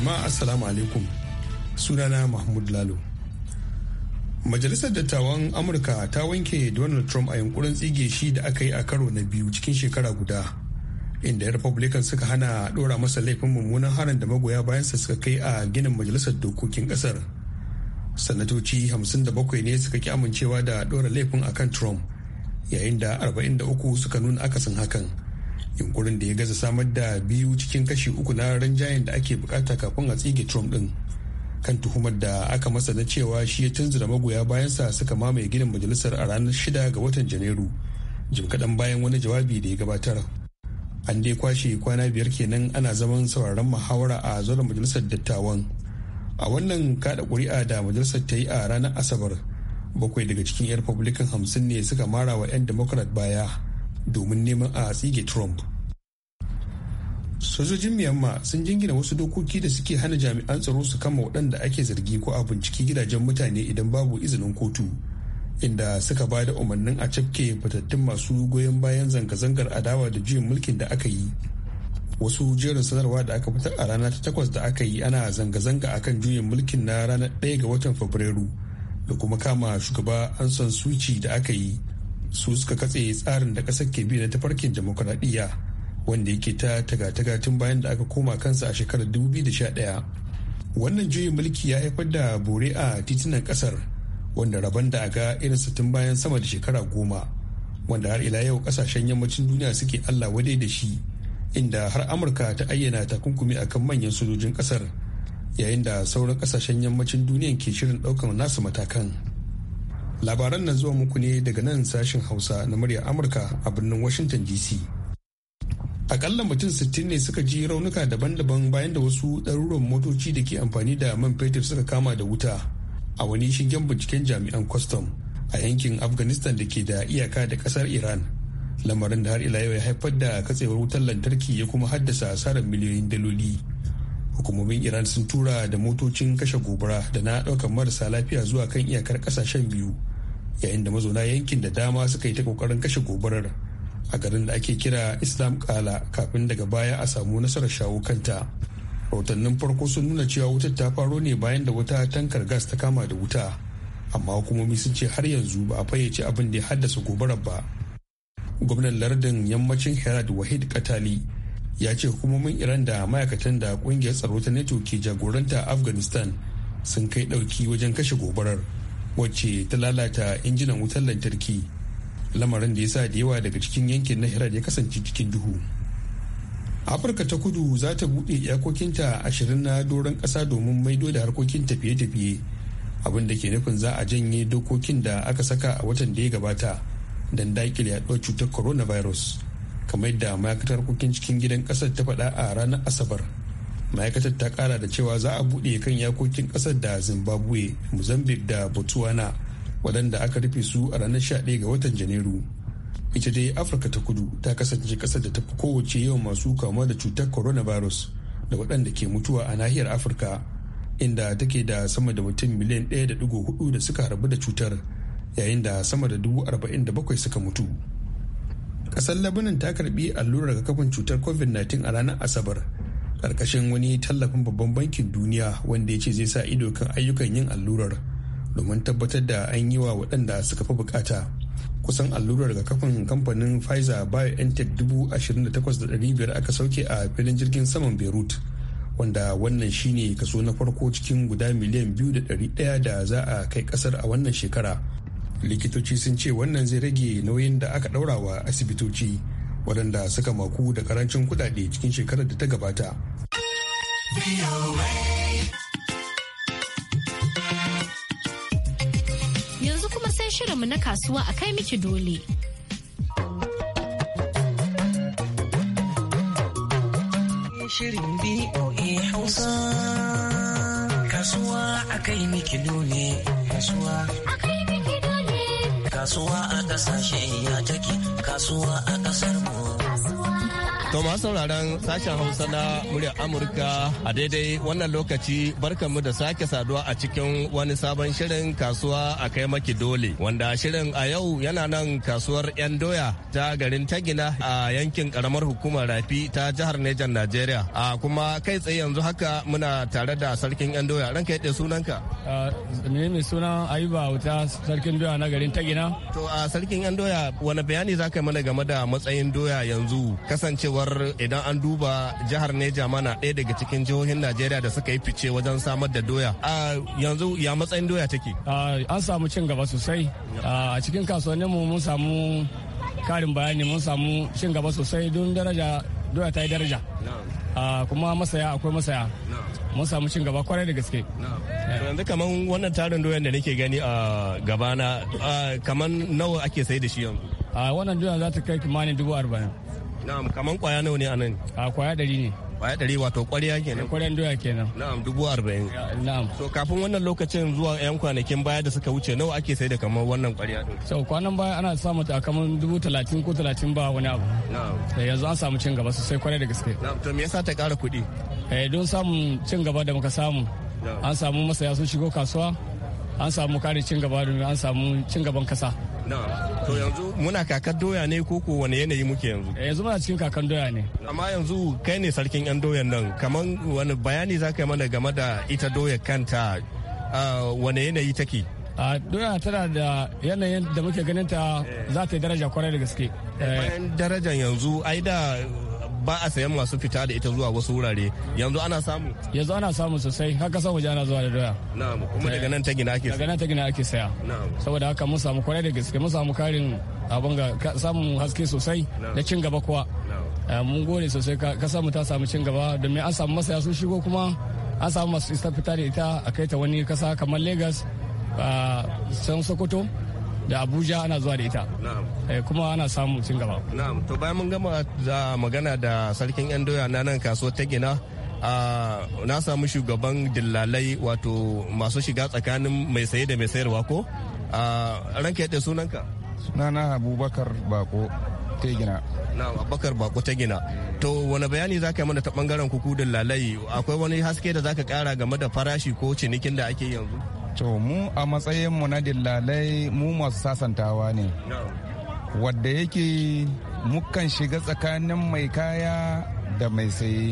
Jama'a Assalamu alaikum. Sunana Mahmud Lalo. Majalisar Dattawan Amurka ta wanke Donald Trump a yunkurin tsige shi da aka yi a karo na biyu cikin shekara guda. Inda Republican suka hana ɗora masa laifin mummunan harin da magoya bayan bayansa suka kai a ginin Majalisar Dokokin ƙasar. Sanatoci 57 ne suka ki amincewa da ɗora laifin akan Trump, yayin da 43 suka nuna akasin hakan. yunkurin da ya gaza samar da biyu cikin kashi uku na ranjayen da ake bukata kafin a tsige trump din kan tuhumar da aka masa na cewa shi ya tunzura magoya bayansa suka mamaye gidan majalisar a ranar shida ga watan janairu jim kaɗan bayan wani jawabi da ya gabatar an dai kwashe kwana biyar kenan ana zaman sauraron muhawara a zuwa majalisar dattawan a wannan kada kuri'a da majalisar ta yi a ranar asabar bakwai daga cikin 'yan republican hamsin ne suka mara wa 'yan democrat baya domin neman a tsige trump sojojin myanmar sun jingina wasu dokoki da suke hana jami'an tsaro su kama waɗanda ake zargi ko a binciki gidajen mutane idan babu izinin kotu inda suka ba da umarnin a cafke fitattun masu goyon bayan zanga-zangar adawa da juyin mulkin da aka yi wasu jerin sanarwa da aka fitar a rana ta takwas da aka yi ana zanga-zanga akan juyin mulkin na ranar ɗaya ga watan fabrairu da kuma kama shugaba an san suci da aka yi su suka katse tsarin da ƙasar ke bi na tafarkin dimokuraɗiyya wanda yake ta taga-taga tun bayan da aka koma kansa a shekarar 2011 wannan juyin mulki ya haifar da bore a titunan kasar wanda rabon da aga irinsa tun bayan sama da shekara goma wanda har ila yau kasashen yammacin duniya suke allah wadai da shi inda har amurka ta ayyana takunkumi akan manyan sojojin kasar yayin da sauran kasashen yammacin duniya ke shirin daukan nasu matakan labaran na zuwa muku ne daga nan sashen hausa na murya amurka a birnin washington dc akalla mutum 60 ne suka ji raunuka daban-daban bayan da wasu ɗaruruwan motoci da ke amfani da man fetur suka kama da wuta a wani shingen binciken jami'an kwastam a yankin afghanistan da ke da iyaka da ƙasar iran lamarin da har ila yau ya haifar da katsewar wutar lantarki ya kuma haddasa asarar miliyoyin daloli hukumomin iran sun tura da motocin kashe gobara da na ɗaukar marasa lafiya zuwa kan iyakar ƙasashen biyu yayin da mazauna yankin da dama suka yi ta ƙoƙarin kashe gobarar a garin da ake kira islam kala kafin daga baya a samu nasarar shawo kanta rahotannin farko sun nuna cewa wutar ta faro ne bayan da wata tankar gas ta kama da wuta amma hukumomi sun ce har yanzu ba a fayyace abin da ya haddasa gobarar ba gwamnan lardin yammacin herad wahid katali ya ce hukumomin iran da ma'aikatan da kungiyar tsaro ta neto ke jagoranta afghanistan sun kai dauki wajen kashe gobarar wacce ta lalata injinan wutar lantarki lamarin da ya sa da yawa daga cikin yankin na Herat ya kasance cikin duhu. Afirka ta kudu za ta buɗe iyakokinta ashirin na doron ƙasa domin maido da harkokin tafiye-tafiye abin da ke nufin za a janye dokokin da aka saka a watan da ya gabata don daƙile yaɗuwar cutar coronavirus kamar yadda ma'aikatar harkokin cikin gidan ƙasar ta faɗa a ranar asabar ma'aikatar ta ƙara da cewa za a buɗe kan iyakokin ƙasar da zimbabwe mozambique da botswana waɗanda aka rufe su a ranar 11 ga watan janairu ita dai afirka ta kudu ta kasance kasar da ta fi kowace yawan masu kamuwa da cutar coronavirus da waɗanda ke mutuwa a nahiyar afirka inda take da sama da mutum miliyan 1.4 da suka harbu da cutar yayin da sama da 47,000 suka mutu ƙasar labanan ta karbi allurar kafin cutar covid-19 a ranar asabar karkashin wani tallafin babban bankin duniya wanda ya ce zai sa ido kan ayyukan yin allurar domin tabbatar da an yi wa waɗanda suka fi bukata kusan allurar kafin kamfanin pfizer biontech 28,500 aka sauke a filin jirgin saman beirut wanda wannan shine kaso na farko cikin guda miliyan biyu da ɗaya da za a kai ƙasar a wannan shekara likitoci sun ce wannan zai rage nauyin da aka ɗaura wa asibitoci waɗanda suka maku da karancin kuɗaɗe cikin shekarar da ta gabata. shirinmu na kasuwa a kai miki dole. Kasuwa a kai kasashe ya take Kasuwa a kasar mu To ma sauraron sashen Hausa na muryar Amurka a daidai wannan lokaci barkanmu da sake saduwa a cikin wani sabon shirin kasuwa a kai maki dole wanda shirin a yau yana nan kasuwar 'yan doya ta garin Tagina a yankin karamar hukumar Rafi ta jihar Nejan Najeriya. A kuma kai tsaye yanzu haka muna tare da sarkin 'yan doya ranka yadda sunanka. Ne sunan suna Ayuba wuta sarkin doya na garin Tagina. To a sarkin 'yan doya wani bayani za ka mana game da matsayin doya yanzu kasancewa cewar idan an duba jihar Neja mana ɗaya daga cikin jihohin Najeriya da suka yi fice wajen samar da doya. yanzu ya matsayin doya take? An samu cin gaba sosai. A cikin mu mun samu karin bayani mun samu cin gaba sosai don daraja doya ta yi daraja. kuma masaya akwai masaya. Mun samu cin gaba kwarai da gaske. Yanzu kamar wannan tarin doyan da nake gani a gabana kamar nawa ake sai da shi yanzu? Wannan doya za ta kai kimanin dubu arba'in. na'am kaman kwaya nawa ne anan. a kwaya ɗari ne kwaya ɗari wato kwariya kenan ƙwaryan doya kenan na'am dubu arba'in na'am so kafin wannan lokacin zuwa yan kwanakin baya da suka wuce nawa ake sai da kamar wannan kwariya ɗin so kwanan baya ana samu ta kamar dubu talatin ko talatin ba wani abu na'am eh, yanzu an samu cin gaba sosai kwarai da gaske na'am to me yasa ta ƙara kuɗi eh don samun cin gaba da muka samu an samu masaya sun shigo kasuwa an samu kare cin gaba da an samu cin gaban kasa to yanzu muna kakar doya ne ko ko wani yanayi muke yanzu eh, yanzu muna cikin kakar doya ne amma yanzu kai ne sarkin yan doyan nan kaman wani bayani za ka yi mana game da ita doya kanta wani yanayi take a doya tana da yanayin da muke ganin ta eh. za ta yi daraja kwarai da gaske bayan darajan yanzu ai da ba a sayan masu fita da ita zuwa wasu wurare yanzu ana samu yanzu ana samu sosai haka san waje ana zuwa da doya na'am kuma daga nan ta gina ake daga nan ta gina ake saya saboda haka mun samu kwarai da gaske mun samu karin abin ga samun haske sosai da cin gaba kuwa eh, mun gode sosai kasa mu ta samu cin gaba domin an samu masaya sun shigo kuma an samu masu fita da ita a kai ta wani kasa kamar lagos san ah, sokoto da abuja ana zuwa da ita eh, kuma ana samu cin gaba na'am to bayan mun gama da magana da sarkin yan doya na nan kasuwar ta gina na samu shugaban dillalai wato masu shiga tsakanin mai saye da mai sayarwa ko ranka yadda sunanka sunana abubakar bako ta gina. Na Abubakar Bako ta gina. To wani bayani za ka yi mana ta bangaren kuku dillalai akwai wani haske da za ka kara game da farashi ko cinikin da ake yanzu? to mu a matsayin mu na dillalai mu masu sasantawa ne wadda yake mukan shiga tsakanin mai kaya da mai saye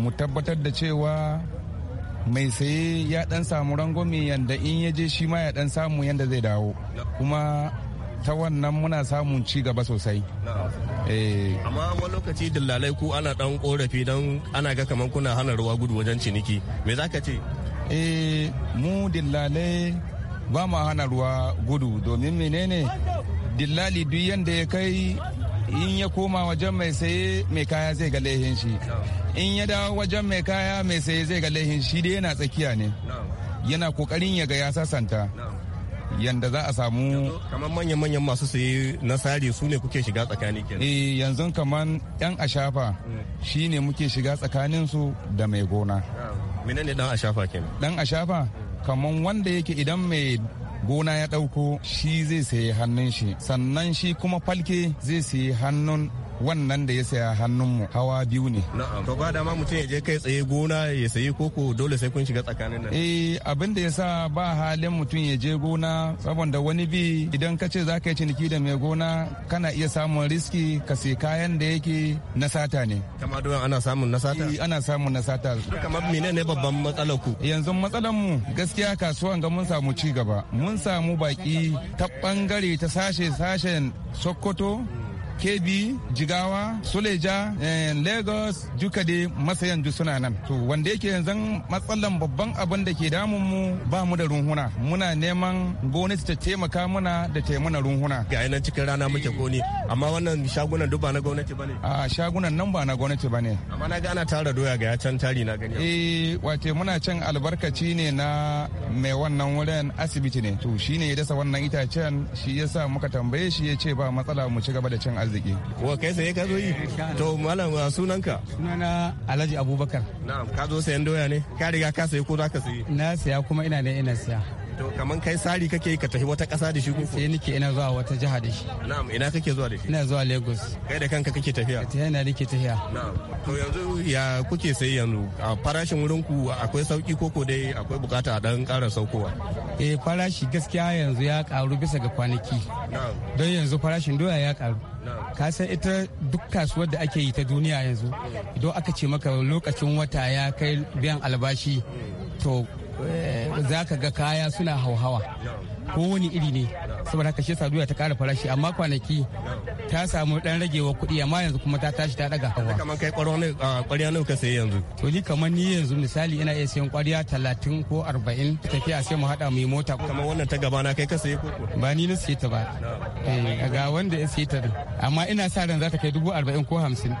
mu tabbatar da cewa mai saye ya dan samu rangwame yadda in ya je shi ma ya dan samu yadda zai dawo kuma ta wannan muna samun ci gaba sosai eh. amma wani lokaci dillalai ku ana dan korafi don ana ga kamar kuna hana ruwa gudu wajen ciniki me za ka ce e mu dillalai ba mu hana ruwa gudu domin menene dillali duk yadda ya kai in ya koma wajen mai saye mai kaya zai ga laihin shi in ya dawo wajen mai kaya mai saye zai ga laihin shi dai yana tsakiya ne yana kokarin ya ga ya sasanta yanda za a samu kamar manyan-manyan masu saye na sari su ne kuke shiga tsakani kenan eh yanzu kamar yan ashafa hmm. shine muke shiga tsakanin su da mai gona menene dan ashafa kenan dan ashafa kaman wanda yake idan mai gona ya ɗauko shi zai sayi hannun shi sannan shi kuma falke zai sayi hannun wannan da ya saya hannunmu hawa biyu ne. To ba dama mutum ya je kai tsaye gona ya sayi koko dole sai kun shiga tsakanin nan. Eh abin da ya sa ba halin mutum ya je gona saboda wani bi idan ka ce za ka yi ciniki da mai gona kana iya samun riski ka sai kayan da yake na sata ne. Kama doyan ana samun na sata? Eh ana samun na sata. Kamar mene ne babban matsalar ku? Eh, yanzu matsalar mu gaskiya kasuwan ga mun samu ci gaba. Mun samu baki ta bangare ta sashe sashen Sokoto kebi jigawa suleja eh, lagos duka dai masayan duk suna nan to wanda yake yanzu matsalan babban abin da ke damun mu ba mu da runhuna muna neman gwamnati ta taimaka mana da taimuna runhuna ga ina cikin rana muke goni amma wannan shagunan duk ba na gwamnati bane a shagunan nan ba na gwamnati bane amma na ga ana tara doya ga can tari na gani eh wato muna can albarkaci ne na mai wannan wurin asibiti ne to shine ya dasa wannan itacen shi yasa muka tambaye shi ya ce ba matsala mu ci gaba da cin arziki wa kai sai ka zo yi to malam sunanka sunana Alhaji Abubakar na'am ka zo sayan doya ne ka riga ka sayi ko za ka sayi na saya kuma ina ne ina saya To kaman kai sari kake ka tafi wata ƙasa da shi ko? Sai nake ina zuwa wata jiha da shi. Na'am ina kake zuwa da shi? Ina zuwa Lagos. Kai da kanka kake tafiya? Tafiya na nake tafiya. Na'am. To yanzu ya kuke sai yanzu a farashin wurin ku akwai sauki koko dai akwai bukata a dan ƙara saukowa? Eh farashi gaskiya yanzu ya karu bisa ga kwanaki. Na'am. Don yanzu farashin doya ya karu. ka san ita duk kasuwar da ake yi ta duniya yanzu idan aka ce maka lokacin wata ya kai biyan albashi to Eh, za ka ga kaya suna hauhawa ko wani iri ne saboda haka shi yasa doya ta kara farashi amma kwanaki ta samu dan ragewa kuɗi amma yanzu kuma ta tashi ta daga hawa kamar kai ne kwariya nawa ka sayi yanzu to ni kamar ni yanzu misali ina iya sayan kwariya talatin ko arba'in tafiya sai mu haɗa mu yi mota kamar wannan ta gaba na kai ka sayi koko ba ni na sayi ta ba eh, ga wanda ya sayi ta amma ina sa ran za ta kai dubu arba'in ko hamsin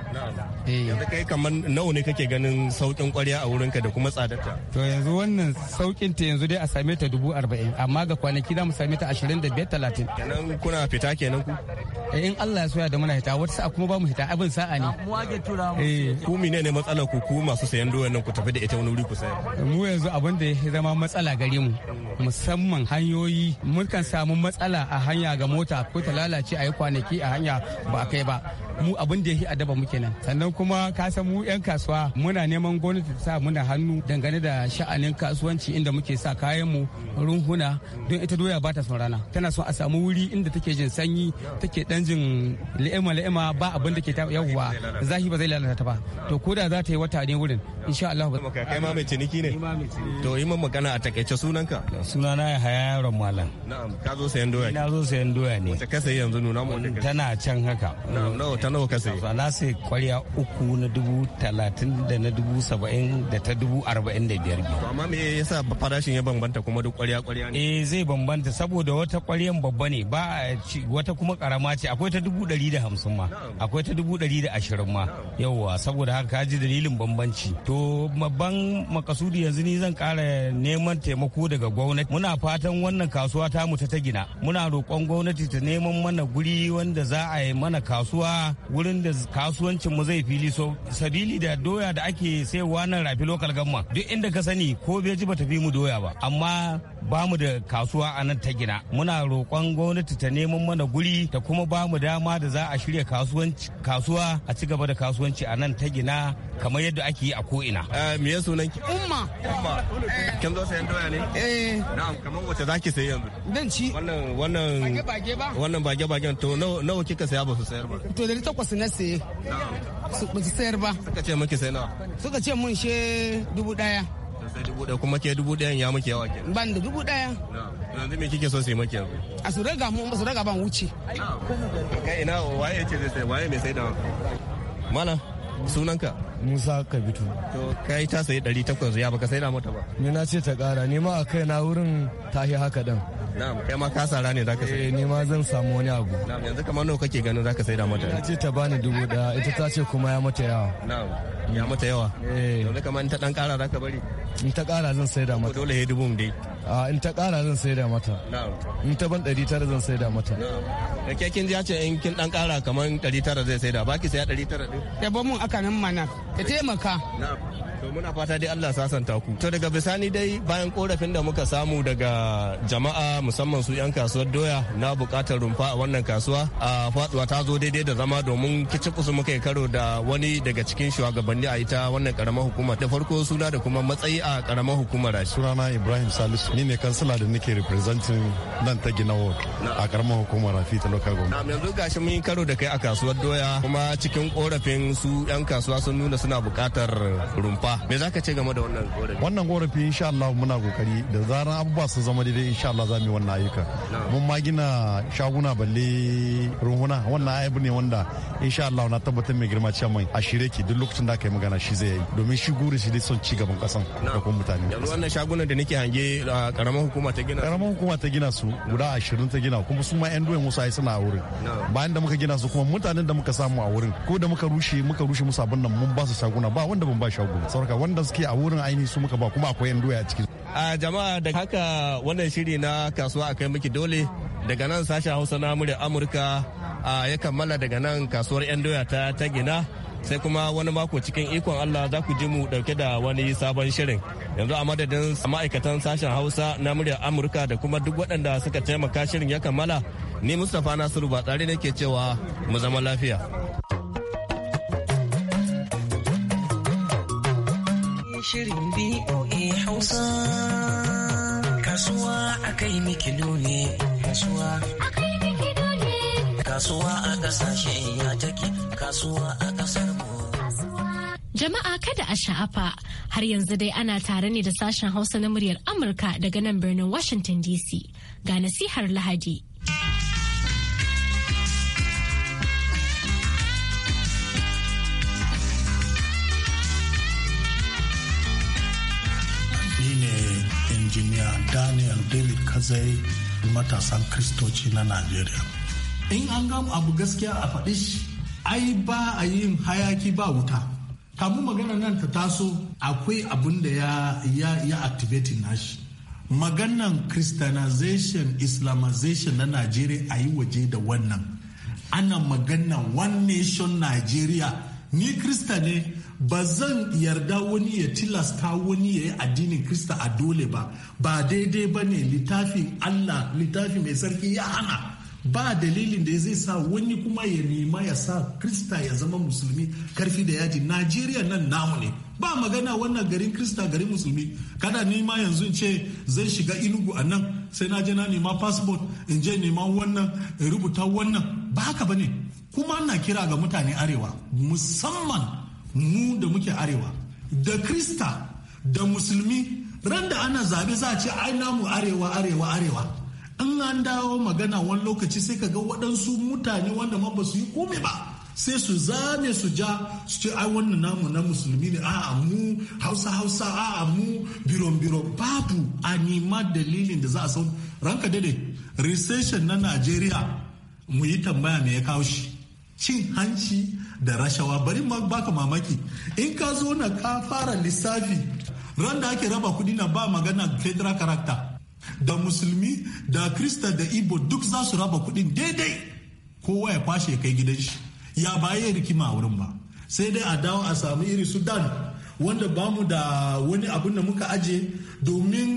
eh. yanzu kai kamar nawa ne kake ganin sauƙin kwariya a wurinka da kuma tsadarta to yanzu wannan sauƙin ta yanzu dai a same ta dubu arba'in amma ga kwanaki za mu same ta ashirin da biyar talatin. Kenan kuna fita kenan ku? Eh, in Allah ya soya da muna hita wata sa'a kuma ba mu hita abin sa'a ne. Mu wage tura mu. Eh ku mine ne matsalar ku ku masu sayan doyar nan ku tafi da ita wani wuri ku saya. Mu yanzu abin da ya zama matsala gare mu musamman hanyoyi mukan samu matsala a hanya ga mota ko ta lalace a yi kwanaki a hanya ba a kai ba. Mu abin da ya adaba mu kenan. Sannan kuma ka san mu 'yan kasuwa muna neman gwamnati ta sa muna hannu dangane da sha'anin kasuwanci inda muke sa kayan mu runhuna don ita doya ba ta son rana tana son a samu wuri inda take jin sanyi take dan jin la'ima la'ima ba abin da ke ta yawwa zahi ba zai lalata ta ba to ko da za ta yi wata ne wurin insha Allah ba kai ma mai ciniki ne to yi mun magana a takaice sunanka sunana ya haya yaron malam na'am ka zo sayan doya na zo sayan doya ne wace ka sayi yanzu nuna mu tana can haka na'am ta nawa ka sayi na sai kwarya uku na dubu talatin da na dubu saba'in da ta dubu arba'in da biyar amma me yasa farashin ya bambanta kuma duk kwarya kwarya ne eh zai bambanta saboda wata kwarya kan babba ne ba a wata kuma karama ce akwai ta dubu ɗari da hamsin ma akwai ta dubu ɗari da ashirin ma yauwa saboda haka ka ji dalilin bambanci to babban makasudi yanzu ni zan kara neman taimako daga gwamnati muna fatan wannan kasuwa ta mu ta gina muna roƙon gwamnati ta neman mana guri wanda za a yi mana kasuwa wurin da kasuwancin mu zai fili so sabili da doya da ake sai wannan rafi lokal gamma duk inda ka sani ko beji bata fi mu doya ba amma ba mu da kasuwa a nan ta gina muna roƙon roƙon gwamnati ta neman mana guri ta kuma ba mu dama da za a shirya kasuwa a ci gaba da kasuwanci a nan ta gina kamar yadda ake yi a ko'ina. Eh, me ya sunan ki? Umma. Umma. Eh. Kin zo sayan doya ne? Eh. Na'am kamar wacce za ki sayi yanzu? Dan ci. Wannan wannan. Bage bage ba. Wannan bage bagen to nawa kika saya ba su sayar ba? To da takwas na saye. Na'am. Ba su sayar ba. Suka ce miki sai nawa? Suka ce mun she dubu daya. Sai dubu daya kuma ke dubu daya ya miki yawa ke. Ban da dubu daya. Na'am. yanzu me kike so su yi maki yanzu a su raga mu su raga ban wuce kai ina waye yace zai sai waye mai sai da mana sunanka musa kabitu to kai ta sayi ɗari takwas ya baka sai na mata ba ni na ce ta ƙara ni ma a kai na wurin tahi haka dan na'am kai ma ka sara ne zaka sai sayi. Eh, ni ma zan samu wani abu na'am yanzu kamar nawa kake ganin zaka sai da mata ni ce ta bani dubu ɗaya ita ta ce kuma ya mata yawa na'am ya mata yawa eh yanzu kamar ta dan ƙara zaka bari in ta kara zan sai da mata dole ya dubu dai a in ta kara zan sai da mata in ta ban ɗari tara zan da mata da ke kin ya ce in kin dan kara kamar ɗari tara zai da ba ki saya ɗari tara ɗin da ba mun aka nan mana ta taimaka to muna fata dai Allah sasanta ku to daga bisani dai bayan korafin da muka samu daga jama'a musamman su yan kasuwar doya na bukatar rumfa a wannan kasuwa a faduwa ta zo daidai da zama domin kici kusu muka yi karo da wani daga cikin shugabanni a ita wannan karamar hukuma da farko suna da kuma matsayi a karamar hukumar rashi sunana ibrahim salisu ni ne kansila da nake representing nan ta gina ward a karamar hukumar rafi ta local government yanzu gashi mun yi karo da kai a kasuwar doya kuma cikin korafin su yan kasuwa sun nuna suna buƙatar rumfa me zaka ce game da wannan korafi wannan korafi insha Allah muna kokari da zaran abubuwa su zama daidai insha Allah za mu yi wannan ayyuka mun ma gina shaguna balle ruhuna wannan ayyuka ne wanda insha Allah na tabbatar mai girma cewa mai a shirye ki duk lokacin da aka yi magana shi zai yi domin shi guri shi dai son ci gaban kasan da mutane yanzu wannan shagunan da nake hange karamar hukuma ta gina karamar hukuma ta gina su guda ashirin ta gina kuma su ma yan doyen wasu ai suna a wurin bayan da muka gina su kuma mutanen da muka samu a wurin ko da muka rushe muka rushe musu abin nan mun ba su shaguna ba wanda ban ba shaguna sauraka wanda suke a wurin ainihi su muka ba kuma akwai yan doya a ciki a jama'a da haka wannan shiri na kasuwa kai miki dole daga nan sashen hausa na murya amurka ya kammala daga nan kasuwar yan doya ta ta gina sai kuma wani mako cikin ikon Allah za ku ji mu dauke da wani sabon shirin yanzu a madadin ma'aikatan sashen Hausa na muryar Amurka da kuma duk waɗanda suka taimaka shirin ya kammala ni Mustapha Nasiru ba tsari nake cewa mu zama lafiya. kasuwa a ƙasashen ya take kasuwa a kasar Jama'a kada a sha'afa har yanzu dai ana tare ne da sashen Hausa na muryar Amurka daga nan birnin Washington DC ga nasihar Lahadi. Ni ne injiniya Daniel David Kazai matasan kristoci na Najeriya. In an gamu abu gaskiya a faɗi ai ba a yin hayaki ba wuta. kamun magana nan ta taso akwai abin da ya ya ya activating nashi maganan christianization islamization na najeriya a yi waje da wannan ana magana one nation nigeria ni krista ne ba zan yarda wani ya tilasta wani ya yi addinin krista a dole ba ba daidai ba ne littafin allah littafi mai sarki ya hana ba dalilin da zai sa wani kuma ya nema ya sa krista ya zama musulmi karfi da yaji najeriya nan namu ne ba magana wannan garin krista garin musulmi kada nima yanzu ce zai shiga inugu a nan sai na je na nema passport in je nema wannan in rubuta wannan ba haka ba ne kuma na kira ga mutane arewa musamman mu da muke arewa da krista da musulmi ran da ana zaɓe za a ce ai namu arewa arewa arewa an an dawo magana wani lokaci sai ka ga waɗansu mutane wanda ma ba su yi kome ba sai su zame su ja su ce ai wannan namu na musulmi ne a mu hausa hausa a mu biro biro babu a nima dalilin da za a san ranka dade recession na nigeria mu yi tambaya mai ya kawo shi cin hanci da rashawa bari ma baka mamaki in ka zo na ka fara lissafi ran da ake raba kudi na ba magana federal character da musulmi da krista da ibo duk za su raba kuɗin daidai kowa ya kwashe kai gidan shi ya baya rikima a wurin ba sai dai a dawo a samu iri sudan wanda ba mu da wani abin da muka aje domin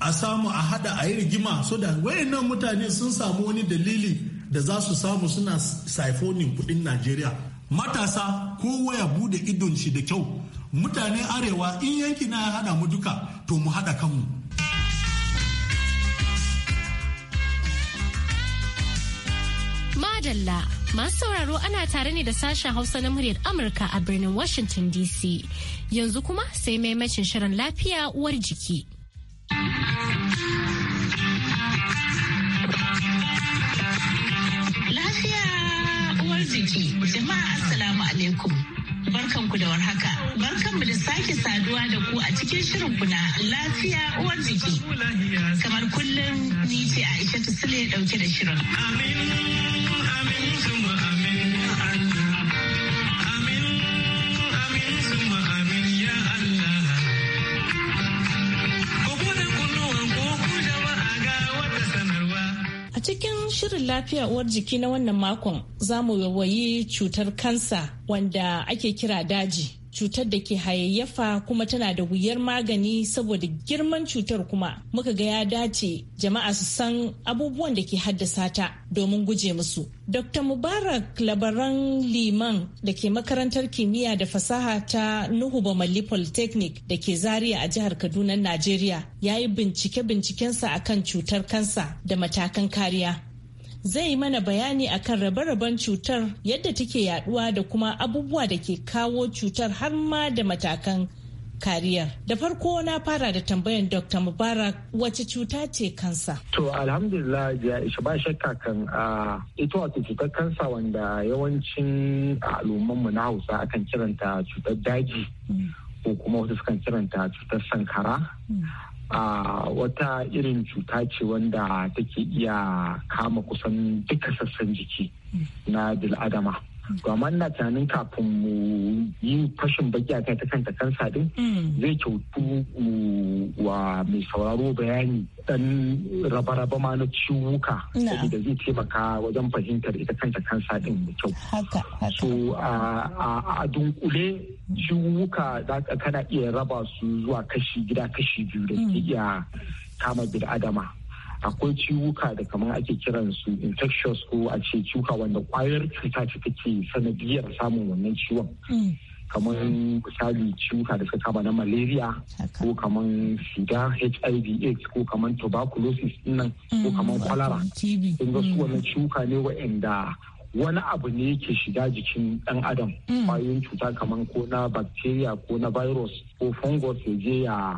a samu a hada a yi rigima so da wayannan mutane sun samu wani dalili da za su samu suna saifonin kuɗin najeriya matasa kowa ya bude idon shi da kyau mutane arewa in yanki na ya hada mu duka to mu hada kanmu madalla masu sauraro ana tare ne da sashen hausa na muryar amurka a birnin washington dc yanzu kuma sai maimacin shirin lafiya uwar jiki lafiya uwar jiki jama'a assalamu alaikum barkanku da warhaka barkanmu da sake saduwa da ku a cikin shirin kuna lafiya uwar jiki kamar kullum ni ce aisha tusule dauke da shirin amin cikin shirin lafiya uwar jiki na wannan makon za mu wayi cutar kansa wanda ake kira daji cutar da ke hayayyafa kuma tana da wuyar magani saboda girman cutar kuma muka ga ya dace jama'a su san abubuwan da ke haddasa ta domin guje musu. Dr. Mubarak labaran liman da ke makarantar kimiyya da fasaha ta Nuhu Bamalli Polytechnic da ke Zaria a jihar Kaduna, Najeriya ya yi bincike-bincikensa akan cutar kansa da matakan kariya. zai mana bayani akan rabe-raben cutar yadda take yaduwa da kuma abubuwa da ke kawo cutar har ma da matakan kariyar. Da farko na fara da tambayan Dr. Mubarak wace cuta ce kansa? To alhamdulillah ya isha ba shakka kan ita wata cutar kansa wanda yawancin al'ummanmu na Hausa akan kiranta cutar daji mm. ko kuma wasu sukan kiranta cutar sankara. Mm. a wata irin cuta ce wanda take iya kama kusan duka sassan jiki na bil'adama. to amma tunanin kafin mu yi fashin baki a ta kanta kansa sadin mm. zai kyautu uh, wa mai sauraro bayani dan raba-raba ma na ciwuka saboda zai taimaka wajen fahimtar ita kanta kansa sadin da kyau so a dunkule ciwuka kana iya raba su zuwa kashi gida kashi biyu da mm. iya kama adama. akwai ciwuka da kamar ake kiran su infectious ko a ce ciwuka wanda kwayar cuta ce take sanadiyar samun wannan ciwon mm. kamar misali ciwuka da suka kama na malaria ko kamar sida hiv aids ko kamar tuberculosis nan ko mm. kamar kwalara sun ga su mm. wannan ciwuka ne wa'anda wani abu ne yake shiga jikin ɗan adam Bayan mm. cuta kamar ko na bacteria ko na virus ko fungus ya je ya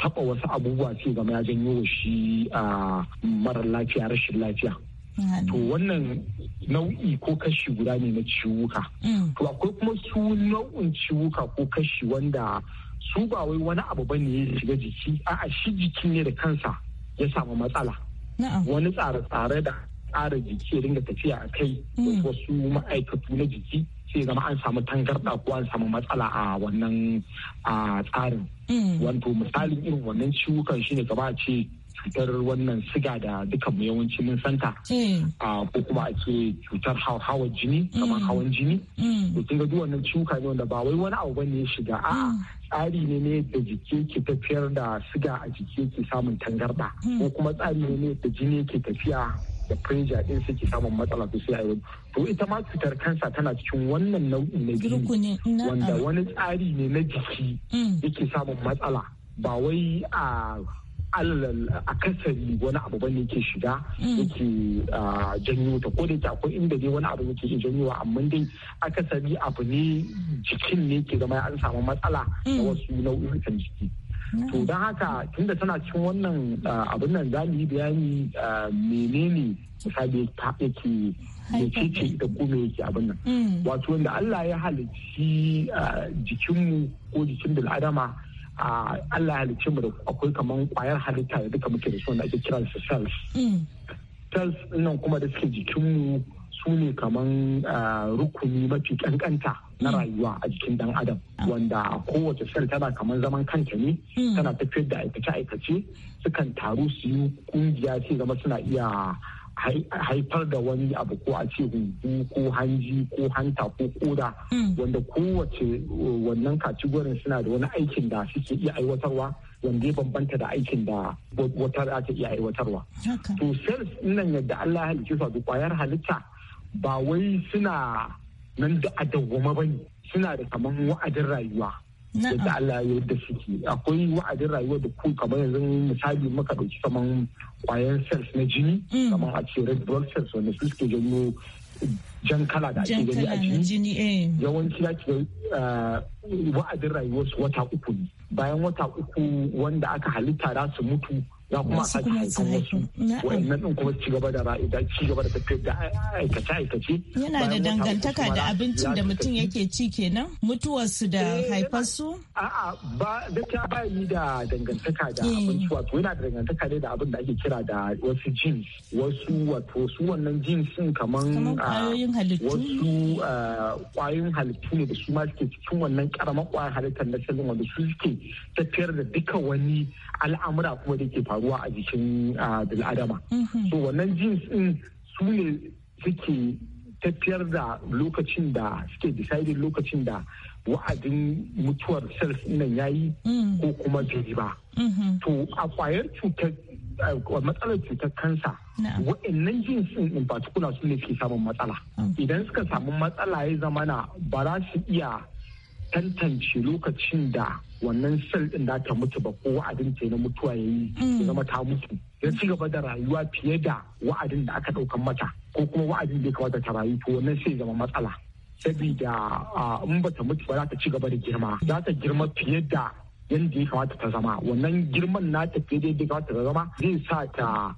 taɓa wasu abubuwa ce game ya janyo shi a mara lafiya rashin lafiya to wannan nau'i ko kashi guda ne na ciwuka mm. to akwai kuma su nau'in ciwuka ko kashi wanda su ba wai wani abu ba ne ya shiga jiki a'a shi jiki ne da kansa ya samu matsala wani tsare-tsare da tsara jiki ya dinga tafiya a kai mm. wasu ma'aikatu na jiki sai zama an samu tangarɗa ko an samu matsala a wannan tsarin mm. Wanto misalin irin wannan ciwukan shine gaba ce cutar wannan siga da duka mu yawanci mun santa mm. ko kuma a ce cutar hawan jini kamar hawan jini to kin duk wannan ciwuka ne wanda ba wai wani abu bane ya shiga a tsari ne ne da jiki ke tafiyar da siga a jiki ke samun tangarɗa. ko kuma tsari ne ne da jini ke tafiya da pressure din suke samun matsala su sai a to ita ma cutar kansa tana cikin wannan nau'in na biyu wanda ah. wani tsari ne na jiki mm. yake samun matsala ba wai a akasari wani abu bane ke shiga mm. yake janyo ta ko da akwai inda dai wani abu yake janyowa amma dai akasari abu ne jikin ne ke zama an samu matsala da mm. wasu nau'in jiki to mm. don haka tunda tana cikin wannan uh, abin nan za mu yi bayani uh, menene misali ta yake da cece da kuma yake abin nan mm. wato wanda Allah ya halicci uh, jikinmu ko jikin bil'adama Allah ya halicci mu da akwai kamar kwayar halitta da duka muke da su wanda ake kiran su cells mm. cells nan kuma da suke jikinmu su ne kaman rukuni mafi kankanta na mm. rayuwa a jikin dan adam ah. wanda kowace sel tana kamar zaman kanta ne mm. tana tafiyar da aikace-aikace sukan taru su yi kungiya ce zama suna iya haifar da wani abu ko a ce hunhu ko hanji ko hanta ko koda mm. wanda kowace uh, wannan kacigorin suna da wani aikin da suke iya aiwatarwa wanda ya bambanta da aikin da wata za iya aiwatarwa. To in nan yadda Allah ya halittu su kwayar halitta ba wai suna nan da a dawwama ba suna da kaman wa'adin rayuwa yadda Allah ya yadda suke akwai wa'adin rayuwa da ku kamar yanzu misali maka dauki kaman kwayan cells na jini mm. kamar a ce red blood cells wanda su suke janyo jan kala da ake gani a jini eh. yawanci ya ce eh, wa'adin su wata uku ne bayan wata uku wanda aka halitta za su mutu za kuma a kuma su haihu wannan din kuma ci gaba da ra'ida ci gaba da tafiyar da aikace aikace yana da dangantaka da abincin da mutum yake ci kenan mutuwar su da eh, haifar su a'a ba da ba yi da dangantaka da eh. abinci wato yana da dangantaka ne da abin da ake kira da wasu jeans wasu wato su wannan jeans din kaman ah, kwayoyin halittu wasu ah, kwayoyin halittu ne da su ma suke cikin wannan karamar kwayar halittar na sirrin wanda su suke tafiyar da duka wani al'amura kuma da ke faru. faruwa a jikin bil'adama mhm. so wannan jeans din su ne suke tafiyar da lokacin da suke decided lokacin da wa'adin mutuwar cells nan yayi mm. ko kuma bai ba mhm. to a kwayar cutar a matsalar cutar kansa waannan jeans ɗin in particular su ne suke samun matsala mm. idan suka samu matsala ya zamana ba za su iya tantance lokacin da wannan sel din da ta mutu ba ko wa'adin ta na mutuwa ya yi ya mm. zama ta mutu ya ci gaba da rayuwa fiye da wa'adin da aka ɗaukan mata ko kuma wa'adin da ya kamata ta rayu to wannan sai zama matsala sabida ah, in ba ta mutu ba za ta ci gaba da girma za ta girma fiye da yadda ya kamata ta zama wannan girman na ta daidai kamata ta zama zai sa ta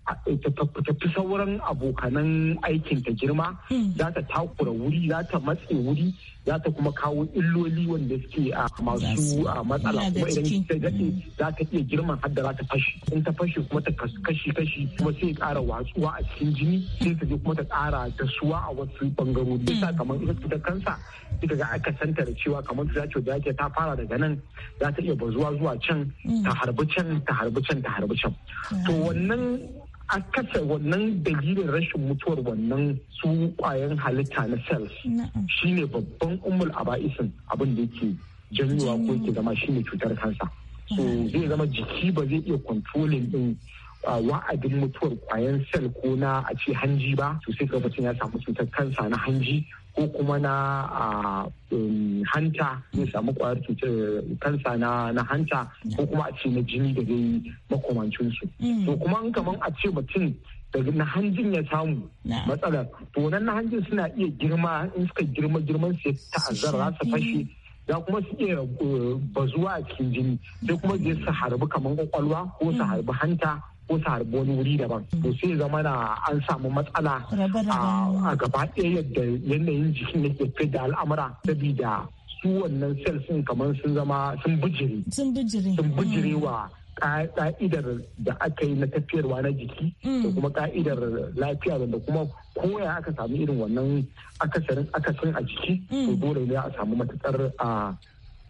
tafi sauran abokanan aikin ta girma hmm. za ta takura wuri za ta matse wuri za ta kuma kawo illoli wanda suke a ah, masu ah, matsala kuma idan ta daɗe hmm. za ta iya girman har za ta fashi in ta fashi kuma ta kashi kashi kuma sai ƙara watsuwa a cikin jini sai ta je kuma ta ƙara ta suwa a wasu bangarori sa hmm. kamar ita ta kansa ita ga aka santa da cewa kamar ta dace ta fara daga nan za ta iya bazo harguwa zuwa can mm. ta harbi can ta harbi can ta harbi can mm. to wannan a kasa wannan dalilin rashin mutuwar wannan su kwayan halitta na cells shine babban umul aba'isin abin da yake janyowa ko yake zama shine cutar kansa so zai zama jiki ba zai iya controlling din ah, wa'adin mutuwar kwayan sel ko na a ce hanji ba to sai mutum ya samu cutar kansa na hanji ko kuma na um, hanta zai samu kwayar cutar kansa na hanta ko kuma a ce na jini da zai makomancin su mm. to kuma in kamar a ce mutum daga na hanjin ya samu matsalar to nan na hanjin suna iya girma in suka girma girman su ta'azzara za su fashe za kuma su iya eh, bazuwa a cikin jini sai kuma zai su harbi kamar kwakwalwa ko su harbi hanta ko su harbi wani wuri daban to sai zama na an samu matsala a gaba ɗaya yadda yanayin jikin ke fi da al'amura sabida su wannan sel sun kamar sun zama sun bijiri sun bijiri mm. wa ka'idar da aka yi na tafiyarwa na jiki da mm. kuma ka'idar lafiya wanda kuma koya aka samu irin wannan akasarin akasarin a jiki to mm. dole ne a samu matakar a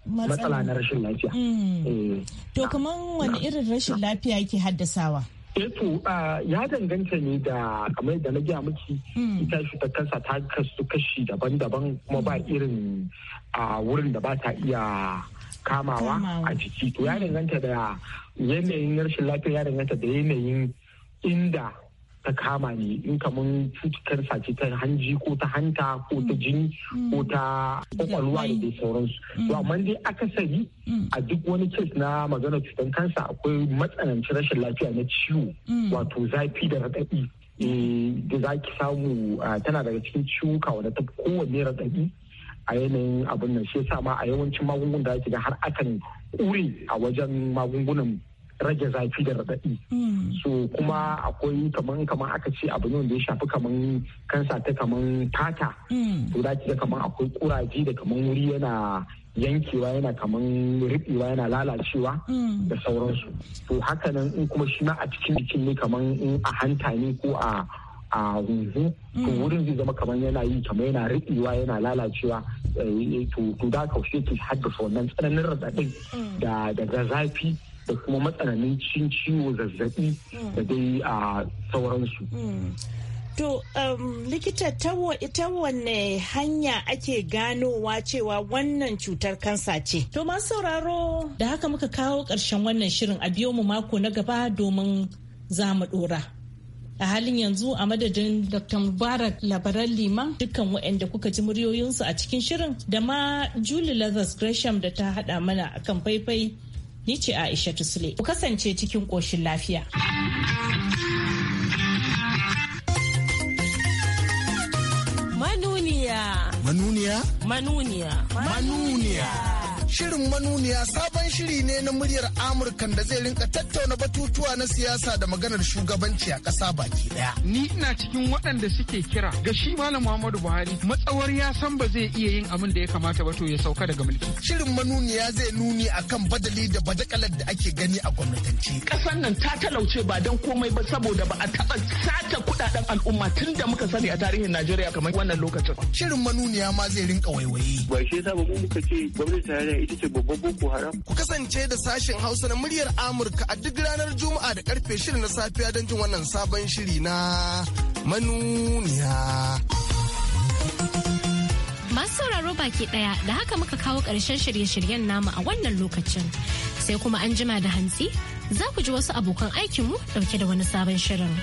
matsala na rashin lafiya. Mm. Eh. To kamar wani irin rashin lafiya yake haddasawa? Eto eh ya danganta ne da kamar da na gaya miki ita shi ta kansa ta kasu kashi daban-daban kuma ba irin a wurin da ba ta iya kamawa a jiki to ya danganta da yanayin rashin lafiya ya danganta da yanayin inda ta kama ne in kamar cutukan sace ta hanji ko ta hanta ko ta mm. jini ko mm. ta kwakwalwa da dai sauransu to mm. amma dai akasari a duk wani kes na magana cutar kansa akwai matsanancin rashin lafiya na ciwo wato zafi da raɗaɗi eh, da za ki samu ah, tana daga cikin ciwuka wadda ta kowanne raɗaɗi a yanayin abin nan shi yasa ma a yawancin magungunan da ake ga har akan ƙuri a wajen magungunan rage zafi da raɗaɗi. Mm. So kuma akwai kaman kaman aka ce abu ne wanda ya shafi kaman kansa ta kaman tata. Mm. To da ki kaman akwai kuraje da kaman wuri yana yankewa yana kaman riɓewa yana lalacewa mm. da sauransu. To hakanan in kuma shi ma a cikin jikin ne kaman in a hanta ne ko a a wuzu to mm. wurin zai zama kamar yana yi kamar yana riɗewa yana lalacewa eh, eh, to da ka shi ke haddasa wannan tsananin raɗaɗin mm. da daga zafi da kuma matsananin cin ciwo zazzaɓi mm. da dai a sauransu. To um, ta likita ta wanne hanya ake ganowa cewa wannan cutar kansa ce. To masu sauraro da haka muka kawo ƙarshen wannan shirin a biyo mu mako na gaba domin za mu ɗora. a halin yanzu a madadin dr mubarak labaran liman dukkan waɗanda kuka ji muryoyinsu a cikin shirin da ma julie lazarus gresham da ta haɗa mana kan faifai ni ce aisha tusle ku kasance cikin ƙoshin lafiya manuniya manuniya manuniya manuniya Shirin manuniya sabon shiri ne na muryar Amurkan da zai rinka tattauna batutuwa na siyasa da maganar shugabanci a ƙasa baki ɗaya. Ni ina cikin waɗanda suke kira ga shi Malam Muhammadu Buhari matsawar ya san ba zai iya yin abin da ya kamata ba to ya sauka daga mulki. Shirin manuniya zai nuni akan badali da badakalar da ake gani a gwamnatance. Ƙasar nan ta talauce ba don komai ba saboda ba a taɓa al'umma tun da muka sani a tarihin Najeriya kamar wannan lokacin. Shirin manuniya ma zai rinka waiwaye. Ba shi yasa ba mu muka ce gwamnati yaya ita ce babban boko haram. Ku kasance da sashen Hausa na muryar Amurka a duk ranar Juma'a da karfe shirin na safiya don jin wannan sabon shiri na manuniya. Masu sauraro baki ɗaya da haka muka kawo ƙarshen shirye-shiryen namu a wannan lokacin. Sai kuma an jima da hantsi za ku ji wasu abokan aikinmu dauke da wani sabon shirin.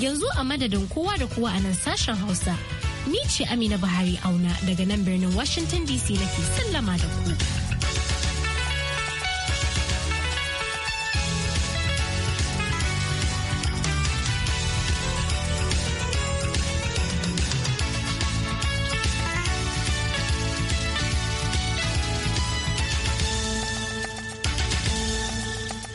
Yanzu a madadin kowa da kowa a nan sashen Hausa, ni ce Amina Buhari Auna daga nan birnin Washington DC nake sallama da ku.